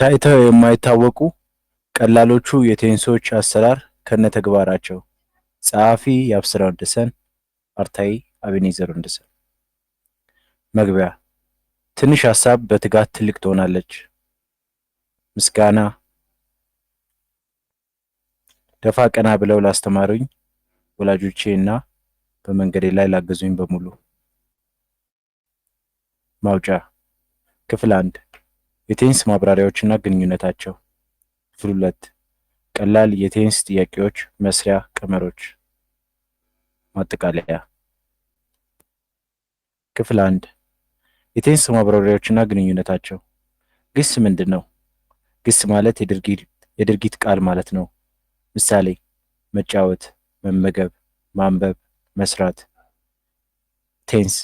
ታይተው የማይታወቁ ቀላሎቹ የቴንሶች አሰራር ከነተግባራቸው ጸሐፊ የአብስራ ወንድሰን አርታይ አቤኔዘር ወንድሰን መግቢያ ትንሽ ሀሳብ በትጋት ትልቅ ትሆናለች ምስጋና ደፋ ቀና ብለው ላስተማሩኝ ወላጆቼ እና በመንገዴ ላይ ላገዙኝ በሙሉ ማውጫ ክፍል አንድ የቴንስ ማብራሪያዎችና ግንኙነታቸው ክፍል ሁለት ቀላል የቴንስ ጥያቄዎች መስሪያ ቀመሮች ማጠቃለያ ክፍል አንድ የቴንስ ማብራሪያዎችና ግንኙነታቸው ግስ ምንድን ነው ግስ ማለት የድርጊት ቃል ማለት ነው ምሳሌ መጫወት መመገብ ማንበብ መስራት ቴንስ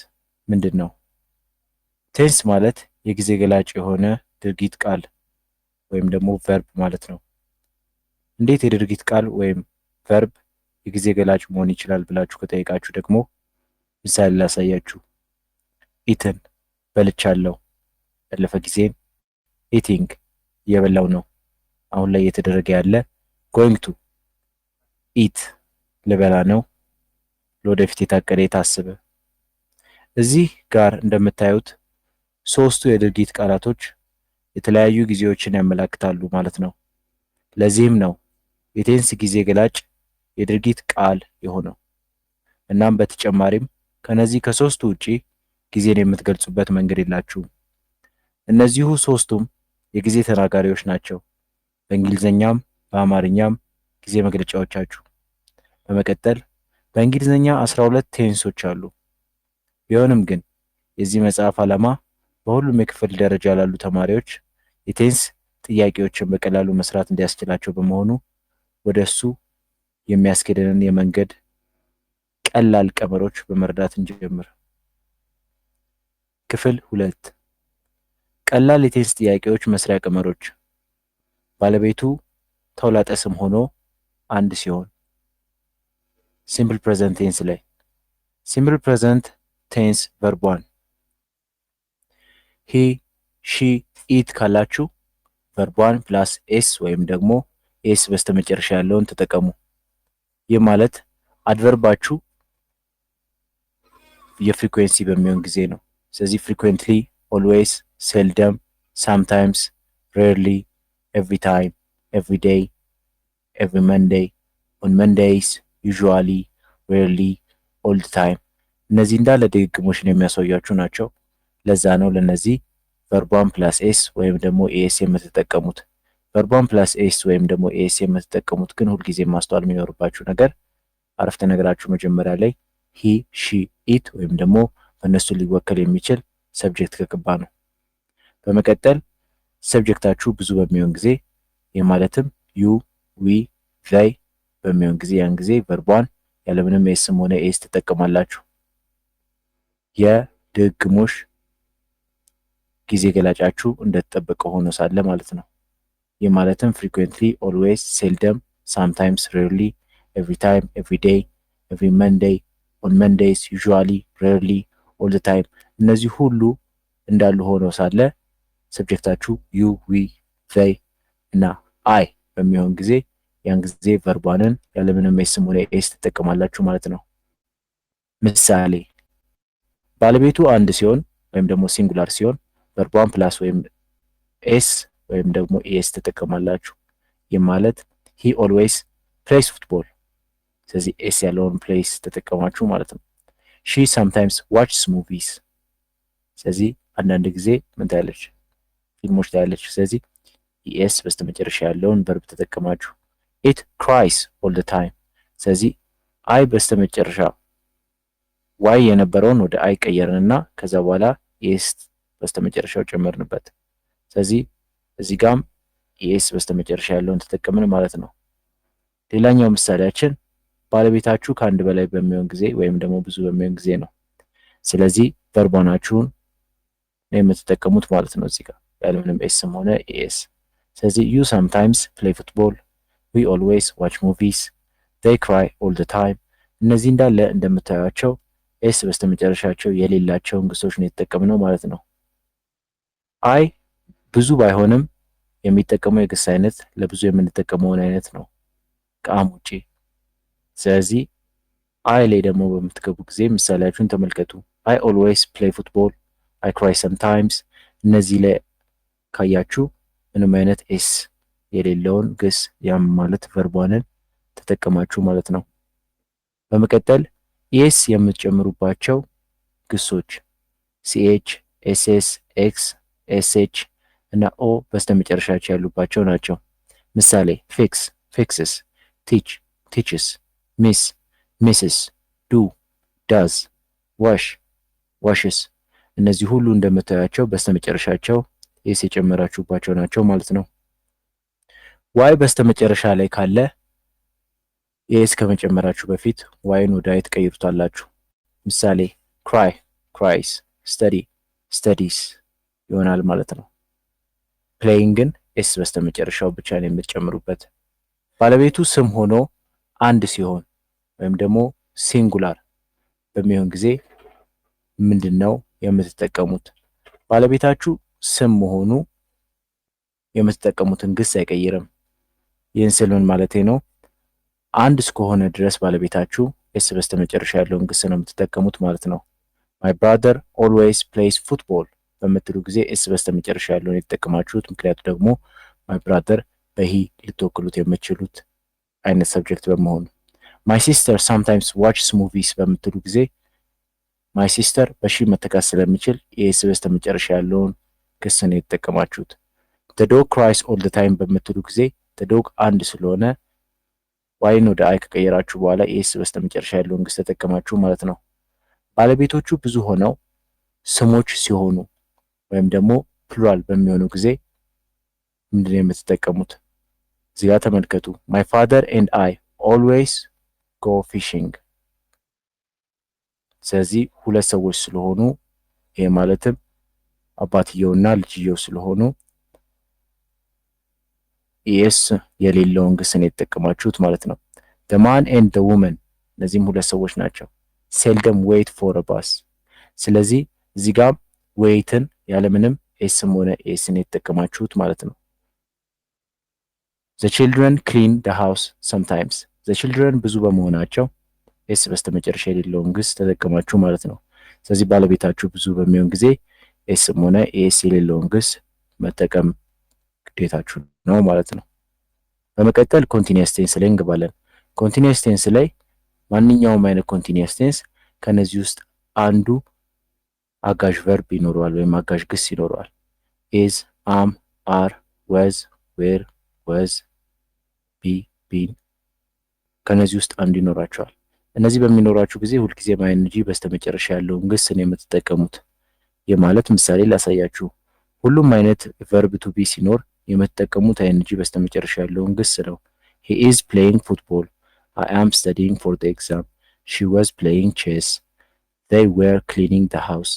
ምንድን ነው ቴንስ ማለት የጊዜ ገላጭ የሆነ ድርጊት ቃል ወይም ደግሞ ቨርብ ማለት ነው። እንዴት የድርጊት ቃል ወይም ቨርብ የጊዜ ገላጭ መሆን ይችላል ብላችሁ ከጠየቃችሁ ደግሞ ምሳሌ ላሳያችሁ። ኢትን በልቻለሁ፣ ያለፈ ጊዜን ኢቲንግ እየበላው ነው፣ አሁን ላይ እየተደረገ ያለ ጎይንግ ቱ ኢት ልበላ ነው፣ ለወደፊት የታቀደ የታሰበ። እዚህ ጋር እንደምታዩት ሶስቱ የድርጊት ቃላቶች የተለያዩ ጊዜዎችን ያመላክታሉ ማለት ነው። ለዚህም ነው የቴንስ ጊዜ ገላጭ የድርጊት ቃል የሆነው። እናም በተጨማሪም ከነዚህ ከሶስቱ ውጪ ጊዜን የምትገልጹበት መንገድ የላችሁም። እነዚሁ ሶስቱም የጊዜ ተናጋሪዎች ናቸው። በእንግሊዝኛም በአማርኛም ጊዜ መግለጫዎቻችሁ። በመቀጠል በእንግሊዝኛ 12 ቴንሶች አሉ። ቢሆንም ግን የዚህ መጽሐፍ ዓላማ በሁሉም የክፍል ደረጃ ላሉ ተማሪዎች ኢቴንስ ጥያቄዎችን በቀላሉ መስራት እንዲያስችላቸው በመሆኑ ወደ እሱ የሚያስኬደንን የመንገድ ቀላል ቀመሮች በመረዳት እንጀምር። ክፍል ሁለት ቀላል የቴንስ ጥያቄዎች መስሪያ ቀመሮች። ባለቤቱ ተውላጠ ስም ሆኖ አንድ ሲሆን ሲምፕል ፕሬዘንት ቴንስ ላይ ሲምፕል ፕሬዘንት ቴንስ ቨርቧን ሂ ሺ ኢት ካላችሁ ቨርቧን ፕላስ ኤስ ወይም ደግሞ ኤስ በስተመጨረሻ ያለውን ተጠቀሙ። ይህ ማለት አድቨርባችሁ የፍሪኩዌንሲ በሚሆን ጊዜ ነው። ስለዚህ ፍሪኩዌንትሊ፣ ኦልዌይስ፣ ሴልደም፣ ሳምታይምስ፣ ሬርሊ፣ ኤቭሪ ታይም፣ ኤቭሪ ዴይ፣ ኤቭሪ መንዴይ፣ ኦን መንዴይስ፣ ዩዥዋሊ፣ ሬርሊ፣ ኦልድ ታይም እነዚህ እንዳለ ድግግሞች ነው የሚያሳያችሁ ናቸው። ለዛ ነው ለነዚህ ቨርቧን ፕላስ ኤስ ወይም ደግሞ ኤስ የምትጠቀሙት ቨርቧን ፕላስ ኤስ ወይም ደግሞ ኤስ የምትጠቀሙት ግን ሁልጊዜ ማስተዋል የሚኖርባችሁ ነገር አረፍተ ነገራችሁ መጀመሪያ ላይ ሂ፣ ሺ፣ ኢት ወይም ደግሞ በእነሱ ሊወከል የሚችል ሰብጀክት ከገባ ነው። በመቀጠል ሰብጀክታችሁ ብዙ በሚሆን ጊዜ የማለትም ዩ፣ ዊ፣ ዘይ በሚሆን ጊዜ ያን ጊዜ ቨርቧን ያለምንም ኤስም ሆነ ኤስ ትጠቀማላችሁ። የድግሞሽ ጊዜ ገላጫችሁ እንደተጠበቀ ሆኖ ሳለ ማለት ነው። ይህ ማለትም ፍሪኩዌንትሊ፣ ኦልዌይስ፣ ሴልደም፣ ሳምታይምስ፣ ሬርሊ፣ ኤቭሪ ታይም፣ ኤቭሪ ዴይ፣ ኤቭሪ መንደይ፣ ኦን መንደይስ፣ ዩዥዋሊ፣ ሬርሊ፣ ኦል ታይም እነዚህ ሁሉ እንዳሉ ሆኖ ሳለ ሰብጀክታችሁ ዩ ዊ ዘይ እና አይ በሚሆን ጊዜ ያን ጊዜ ቨርቧንን ያለምንም ኤስም ሆነ ኤስ ትጠቀማላችሁ ማለት ነው። ምሳሌ ባለቤቱ አንድ ሲሆን ወይም ደግሞ ሲንጉላር ሲሆን በርቧን ፕላስ ወይም ኤስ ወይም ደግሞ ኤስ ትጠቀማላችሁ። ይህ ማለት ሂ ኦልዌይስ ፕሌይስ ፉትቦል፣ ስለዚህ ኤስ ያለውን ፕሌይስ ተጠቀማችሁ ማለት ነው። ሺ ሳምታይምስ ዋችስ ሙቪስ፣ ስለዚህ አንዳንድ ጊዜ ምን ታያለች? ፊልሞች ታያለች። ስለዚህ ኢኤስ በስተመጨረሻ ያለውን በርብ ተጠቀማችሁ። ኢት ክራይስ ኦል ደ ታይም፣ ስለዚህ አይ በስተመጨረሻ ዋይ የነበረውን ወደ አይ ቀየርንና ከዛ በኋላ ኤስ በስተመጨረሻው ጨመርንበት። ስለዚህ እዚህ ጋም ኤስ በስተመጨረሻ ያለውን ተጠቀምን ማለት ነው። ሌላኛው ምሳሌያችን ባለቤታችሁ ከአንድ በላይ በሚሆን ጊዜ ወይም ደግሞ ብዙ በሚሆን ጊዜ ነው። ስለዚህ ቨርባናችሁን ነው የምትጠቀሙት ማለት ነው እዚህ ጋር ያለምንም ኤስም ሆነ ኤስ። ስለዚህ ዩ ሳምታይምስ ፕሌይ ፉትቦል፣ ዊ ኦልዌይስ ዋች ሙቪስ፣ ዘይ ክራይ ኦል ታይም። እነዚህ እንዳለ እንደምታዩቸው ኤስ በስተመጨረሻቸው የሌላቸውን ግሶች ነው የተጠቀምነው ማለት ነው። አይ ብዙ ባይሆንም የሚጠቀመው የግስ አይነት ለብዙ የምንጠቀመውን አይነት ነው ከአም ውጪ። ስለዚህ አይ ላይ ደግሞ በምትገቡ ጊዜ ምሳሌያችሁን ተመልከቱ። አይ ኦልዌይስ ፕሌይ ፉትቦል፣ አይ ክራይ ሰምታይምስ። እነዚህ ላይ ካያችሁ ምንም አይነት ኤስ የሌለውን ግስ ያም ማለት ቨርቧንን ተጠቀማችሁ ማለት ነው። በመቀጠል ኤስ የምትጨምሩባቸው ግሶች ሲኤች፣ ኤስኤስ፣ ኤክስ ኤስኤች እና ኦ በስተመጨረሻቸው ያሉባቸው ናቸው። ምሳሌ ፊክስ ፊክስስ፣ ቲች ቲችስ፣ ሚስ ሚስስ፣ ዱ ዳዝ፣ ዋሽ ዋሽስ። እነዚህ ሁሉ እንደምታያቸው በስተመጨረሻቸው ኤስ የጨመራችሁባቸው ናቸው ማለት ነው። ዋይ በስተመጨረሻ ላይ ካለ ኤስ ከመጨመራችሁ በፊት ዋይን ወደ አይ ትቀይሩታላችሁ። ምሳሌ ክራይ ክራይስ፣ ስተዲ ስተዲስ ይሆናል ማለት ነው። ፕሌይንግን ኤስ በስተመጨረሻው ብቻ ነው የምትጨምሩበት። ባለቤቱ ስም ሆኖ አንድ ሲሆን ወይም ደግሞ ሲንጉላር በሚሆን ጊዜ ምንድን ነው የምትጠቀሙት? ባለቤታችሁ ስም መሆኑ የምትጠቀሙትን ግስ አይቀይርም። ይህን ስል ምን ማለቴ ነው? አንድ እስከሆነ ድረስ ባለቤታችሁ ኤስ በስተመጨረሻ ያለውን ግስ ነው የምትጠቀሙት ማለት ነው። ማይ ብራደር ኦልዌይስ ፕሌይስ ፉትቦል በምትሉ ጊዜ ኤስ በስተመጨረሻ ያለውን የተጠቀማችሁት። ምክንያቱ ደግሞ ማይ ብራደር በሂ ልትወክሉት የምችሉት አይነት ሰብጀክት በመሆኑ። ማይ ሲስተር ሳምታይምስ ዋችስ ሙቪስ በምትሉ ጊዜ ማይ ሲስተር በሺ መተካት ስለሚችል የኤስ በስተመጨረሻ ያለውን ክስ ነው የተጠቀማችሁት። ዶግ ክራይስ ኦል ታይም በምትሉ ጊዜ ዶግ አንድ ስለሆነ ዋይን ወደ አይ ከቀየራችሁ በኋላ በስተ በስተመጨረሻ ያለውን ክስ ተጠቀማችሁ ማለት ነው። ባለቤቶቹ ብዙ ሆነው ስሞች ሲሆኑ ወይም ደግሞ ፕሉራል በሚሆኑ ጊዜ ምንድነው የምትጠቀሙት? እዚህ ጋር ተመልከቱ። ማይ ፋደር ኤንድ አይ ኦልዌይስ ጎ ፊሽንግ። ስለዚህ ሁለት ሰዎች ስለሆኑ ይሄ ማለትም አባትየውና ልጅየው ስለሆኑ ስ የሌለውን ግስን የተጠቀማችሁት ማለት ነው። ማን ኤንድ ደ ውመን እነዚህም ሁለት ሰዎች ናቸው። ሴልደም ዌይት ፎር ባስ። ስለዚህ እዚህ ጋር ዌይትን ያለምንም ኤስም ሆነ ኤስን የተጠቀማችሁት ማለት ነው። ዘ ችልድረን ክሊን ደ ሃውስ ሰምታይምስ ዘ ችልድረን ብዙ በመሆናቸው ኤስ በስተመጨረሻ የሌለውን ግስ ተጠቀማችሁ ማለት ነው። ስለዚህ ባለቤታችሁ ብዙ በሚሆን ጊዜ ኤስም ሆነ ኤስ የሌለውን ግስ መጠቀም ግዴታችሁ ነው ማለት ነው። በመቀጠል ኮንቲኒየስ ቴንስ ላይ እንገባለን። ኮንቲኒየስ ቴንስ ላይ ማንኛውም አይነት ኮንቲኒየስ ቴንስ ከነዚህ ውስጥ አንዱ አጋዥ ቨርብ ይኖረዋል ወይም አጋዥ ግስ ይኖረዋል። ኢዝ፣ አም፣ አር፣ ወዝ፣ ዌር፣ ወዝ፣ ቢ፣ ቢን ከነዚህ ውስጥ አንዱ ይኖራቸዋል። እነዚህ በሚኖራችሁ ጊዜ ሁልጊዜም አይንጂ በስተመጨረሻ ያለውን ግስ ነው የምትጠቀሙት። የማለት ምሳሌ ላሳያችሁ። ሁሉም አይነት ቨርብ ቱ ቢ ሲኖር የምትጠቀሙት አይንጂ በስተመጨረሻ ያለውን ግስ ነው። ሂ ኢዝ ፕሌይንግ ፉትቦል፣ አይ አም ስተዲንግ ፎር ዘ ኤግዛም፣ ሺ ወዝ ፕሌይንግ ቼስ፣ ዘይ ዌር ክሊኒንግ ዘ ሃውስ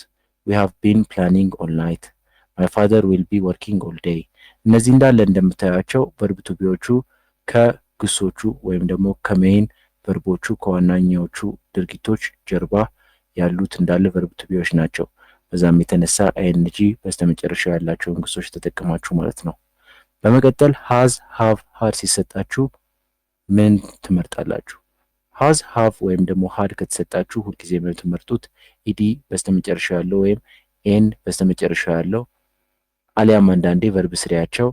ዊ ሃቭ ቢን ፕላኒንግ ኦል ናይት ማይ ፋዘር ዊል ቢ ወርኪንግ ኦል ዴይ። እነዚህ እንዳለ እንደምታያቸው ቨርብ ቱቢዎቹ ከግሶቹ ወይም ደግሞ ከሜይን ቨርቦቹ ከዋናኛዎቹ ድርጊቶች ጀርባ ያሉት እንዳለ ቨርብ ቱቢዎች ናቸው። በዛም የተነሳ አይኤንጂ በስተመጨረሻ ያላቸውን ግሶች ተጠቅማችሁ ማለት ነው። በመቀጠል ሃዝ፣ ሃቭ፣ ሃድ ሲሰጣችሁ ምን ትመርጣላችሁ? ሀዝ ሀቭ ወይም ደግሞ ሀድ ከተሰጣችሁ ሁልጊዜ የምትመርጡት ኢዲ በስተመጨረሻ ያለው ወይም ኤን በስተመጨረሻ ያለው አሊያም አንዳንዴ ቨርብ ስሪያቸው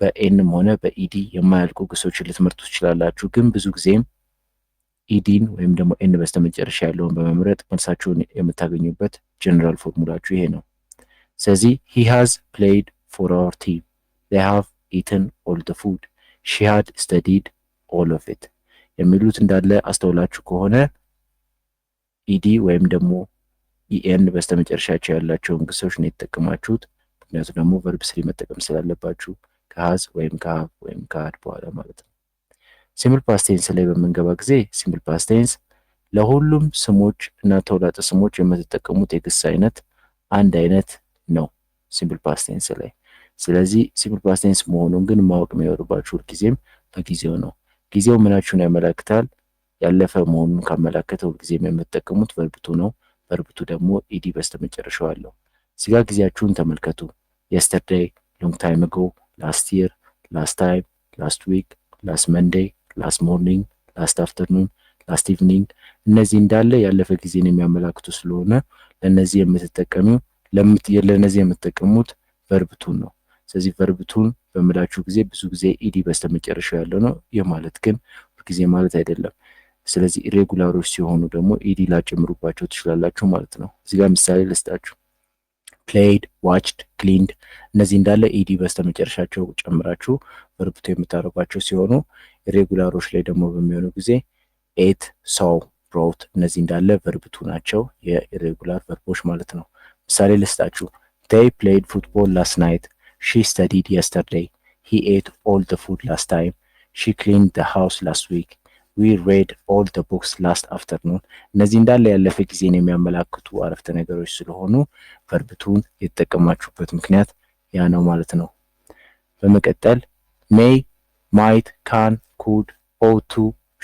በኤንም ሆነ በኢዲ e የማያልቁ ግሶችን ልትመርጡ ትችላላችሁ። ግን ብዙ ጊዜም ኢዲን e ወይም ደግሞ ኤን በስተመጨረሻ ያለውን በመምረጥ መልሳችሁን የምታገኙበት ጀነራል ፎርሙላችሁ ይሄ ነው። ስለዚህ ሂ ሃዝ ፕሌይድ ፎር አወር ቲም ዜይ ሃቭ ኢትን ኦል ደ ፉድ ሺ ሃድ ስተዲድ ኦል ኦፍ ኢት የሚሉት እንዳለ አስተውላችሁ ከሆነ ኢዲ ወይም ደግሞ ኢኤን በስተመጨረሻቸው ያላቸውን ግሶች ነው የተጠቀማችሁት። ምክንያቱ ደግሞ ቨርብ ስሪ መጠቀም ስላለባችሁ ከሀዝ ወይም ከሀብ ወይም ከሀድ በኋላ ማለት ነው። ሲምፕል ፓስቴንስ ላይ በምንገባ ጊዜ ሲምፕል ፓስቴንስ ለሁሉም ስሞች እና ተውላጠ ስሞች የምትጠቀሙት የግስ አይነት አንድ አይነት ነው ሲምፕል ፓስቴንስ ላይ። ስለዚህ ሲምፕል ፓስቴንስ መሆኑን ግን ማወቅ የሚኖርባችሁ ሁልጊዜም በጊዜው ነው። ጊዜው ምናችሁን ያመላክታል? ያለፈ መሆኑን ካመለከተ ሁልጊዜም የምትጠቀሙት በርብቱ ነው። በርብቱ ደግሞ ኢዲ በስተመጨረሻው አለው። ስጋ ጊዜያችሁን ተመልከቱ። የስተርዴይ፣ ሎንግ ታይም ጎ፣ ላስት የር፣ ላስት ታይም፣ ላስት ዊክ፣ ላስት መንዴይ፣ ላስት ሞርኒንግ፣ ላስት አፍተርኑን፣ ላስት ኢቭኒንግ እነዚህ እንዳለ ያለፈ ጊዜን የሚያመላክቱ ስለሆነ ለእነዚህ የምትጠቀሙት በርብቱን ነው። ስለዚህ ቨርብቱን በምላችሁ ጊዜ ብዙ ጊዜ ኢዲ በስተመጨረሻው ያለው ነው። ይህ ማለት ግን ሁልጊዜ ማለት አይደለም። ስለዚህ ኢሬጉላሮች ሲሆኑ ደግሞ ኢዲ ላጨምሩባቸው ትችላላችሁ ማለት ነው። እዚህ ጋር ምሳሌ ልስጣችሁ። ፕሌይድ፣ ዋችድ፣ ክሊንድ እነዚህ እንዳለ ኢዲ በስተመጨረሻቸው ጨምራችሁ ቨርብቱ የምታደርጓቸው ሲሆኑ ኢሬጉላሮች ላይ ደግሞ በሚሆኑ ጊዜ ኤት፣ ሰው፣ ብሮት እነዚህ እንዳለ ቨርብቱ ናቸው የኢሬጉላር ቨርቦች ማለት ነው። ምሳሌ ልስጣችሁ። ይ ፕሌይድ ፉትቦል ላስት ናይት She studied yesterday. He ate all the food last time. She cleaned the house last week. we read all the books last afternoon። እነዚህ እንዳለ ያለፈ ጊዜን የሚያመላክቱ አረፍተ ነገሮች ስለሆኑ ቨርብቱን የተጠቀማችሁበት ምክንያት ያ ነው ማለት ነው። በመቀጠል ሜይ፣ ማይት፣ ካን፣ ኩድ፣ ኦቱ፣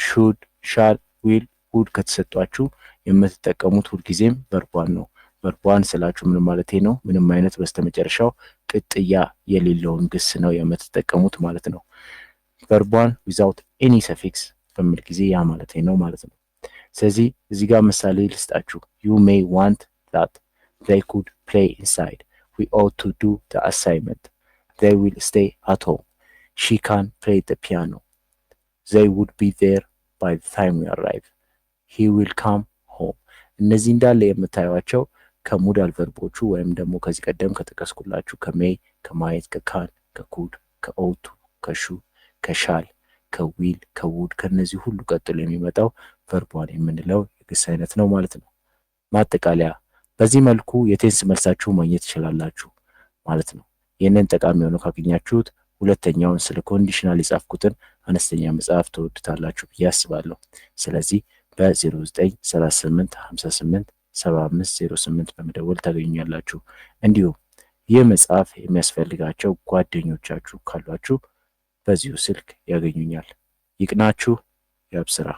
ሹድ፣ ሻል፣ ዊል፣ ውድ ከተሰጧችሁ የምትጠቀሙት ሁልጊዜም ቨርቧን ነው። መርቧን ስላችሁ ምን ማለት ነው? ምንም አይነት በስተመጨረሻው ቅጥያ የሌለውን ግስ ነው የምትጠቀሙት ማለት ነው። ቨርቧን ዊዛውት ኤኒ ሰፊክስ በሚል ጊዜ ያ ማለት ነው ማለት ነው። ስለዚህ እዚህ ጋር ምሳሌ ልስጣችሁ። ዩ ሜይ ዋንት ዛት ዜይ ኩድ ፕሌይ ኢንሳይድ ዊ ኦት ቱ ዱ ዘ አሳይመንት ይ ዊል ስቴይ አት ሆም ሺ ካን ፕሌይ ዘ ፒያኖ ዘይ ውድ ቢ ዜር ባይ ታይም ዊ አራይቭ ሂ ዊል ካም ሆም እነዚህ እንዳለ የምታዩቸው ከሙዳል ቨርቦቹ ወይም ደግሞ ከዚህ ቀደም ከጠቀስኩላችሁ ከሜይ፣ ከማየት፣ ከካን፣ ከኩድ፣ ከኦቱ፣ ከሹ፣ ከሻል፣ ከዊል፣ ከውድ ከነዚህ ሁሉ ቀጥሎ የሚመጣው ቨርቧን የምንለው የግስ አይነት ነው ማለት ነው። ማጠቃለያ፣ በዚህ መልኩ የቴንስ መልሳችሁ ማግኘት ትችላላችሁ ማለት ነው። ይህንን ጠቃሚ ሆኖ ካገኛችሁት ሁለተኛውን ስለ ኮንዲሽናል የጻፍኩትን አነስተኛ መጽሐፍ ተወዱታላችሁ ብዬ አስባለሁ። ስለዚህ በ093858 7508 በመደወል ታገኙኛላችሁ። እንዲሁም ይህ መጽሐፍ የሚያስፈልጋቸው ጓደኞቻችሁ ካሏችሁ በዚሁ ስልክ ያገኙኛል። ይቅናችሁ። ያብስራ።